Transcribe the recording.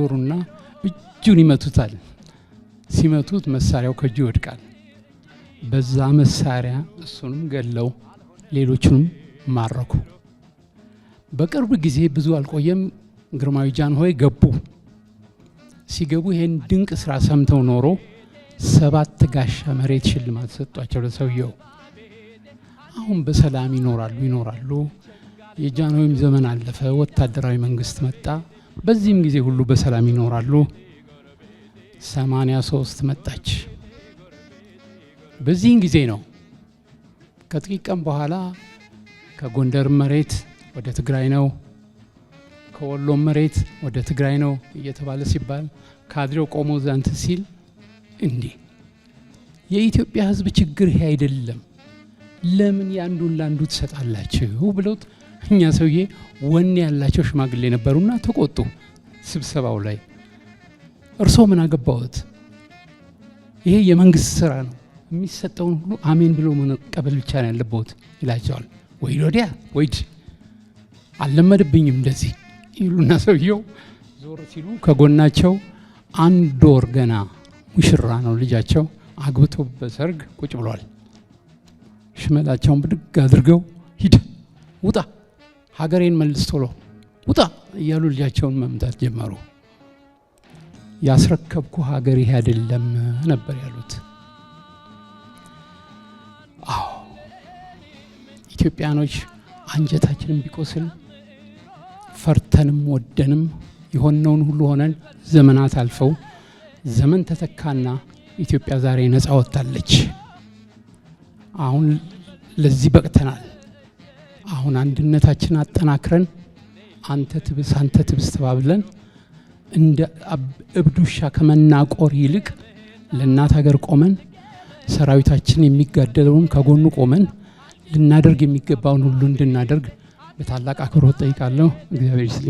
ዞሩና እጁን ይመቱታል። ሲመቱት መሳሪያው ከእጁ ይወድቃል። በዛ መሳሪያ እሱንም ገለው ሌሎቹንም ማረኩ። በቅርብ ጊዜ ብዙ አልቆየም፣ ግርማዊ ጃንሆይ ገቡ። ሲገቡ ይህን ድንቅ ስራ ሰምተው ኖሮ ሰባት ጋሻ መሬት ሽልማት ሰጧቸው ለሰውየው። አሁን በሰላም ይኖራሉ ይኖራሉ። የጃንሆይም ዘመን አለፈ፣ ወታደራዊ መንግስት መጣ። በዚህም ጊዜ ሁሉ በሰላም ይኖራሉ። ሰማንያ ሶስት መጣች። በዚህን ጊዜ ነው ከጥቂት ቀን በኋላ ከጎንደር መሬት ወደ ትግራይ ነው፣ ከወሎ መሬት ወደ ትግራይ ነው እየተባለ ሲባል ካድሬው ቆሞ ዛንት ሲል እንዴ የኢትዮጵያ ሕዝብ ችግር ይሄ አይደለም፣ ለምን ያንዱን ላንዱ ትሰጣላችሁ? ብለውት እኛ ሰውዬ ወኔ ያላቸው ሽማግሌ ነበሩና ተቆጡ። ስብሰባው ላይ እርሶ ምን አገባዎት? ይሄ የመንግስት ስራ ነው፣ የሚሰጠውን ሁሉ አሜን ብሎ መቀበል ብቻ ነው ያለበት ይላቸዋል። ወይ ወዲያ ወይድ አልለመድብኝም እንደዚህ ይሉና ሰውየው ዞር ሲሉ ከጎናቸው አንድ ወር ገና ሙሽራ ነው ልጃቸው አግብቶ በሰርግ ቁጭ ብሏል። ሽመላቸውን ብድግ አድርገው ሂድ ውጣ ሀገሬን መልስ ቶሎ ውጣ እያሉ ልጃቸውን መምታት ጀመሩ። ያስረከብኩ ሀገር ይሄ አይደለም ነበር ያሉት። አዎ ኢትዮጵያኖች አንጀታችንም ቢቆስል ፈርተንም ወደንም የሆነውን ሁሉ ሆነን ዘመናት አልፈው ዘመን ተተካና ኢትዮጵያ ዛሬ ነፃ ወጥታለች። አሁን ለዚህ በቅተናል። አሁን አንድነታችን አጠናክረን አንተ ትብስ አንተ ትብስ ተባብለን እንደ እብድ ውሻ ከመናቆር ይልቅ ለእናት ሀገር ቆመን ሰራዊታችን የሚጋደለውን ከጎኑ ቆመን ልናደርግ የሚገባውን ሁሉ እንድናደርግ በታላቅ አክብሮት ጠይቃለሁ። እግዚአብሔር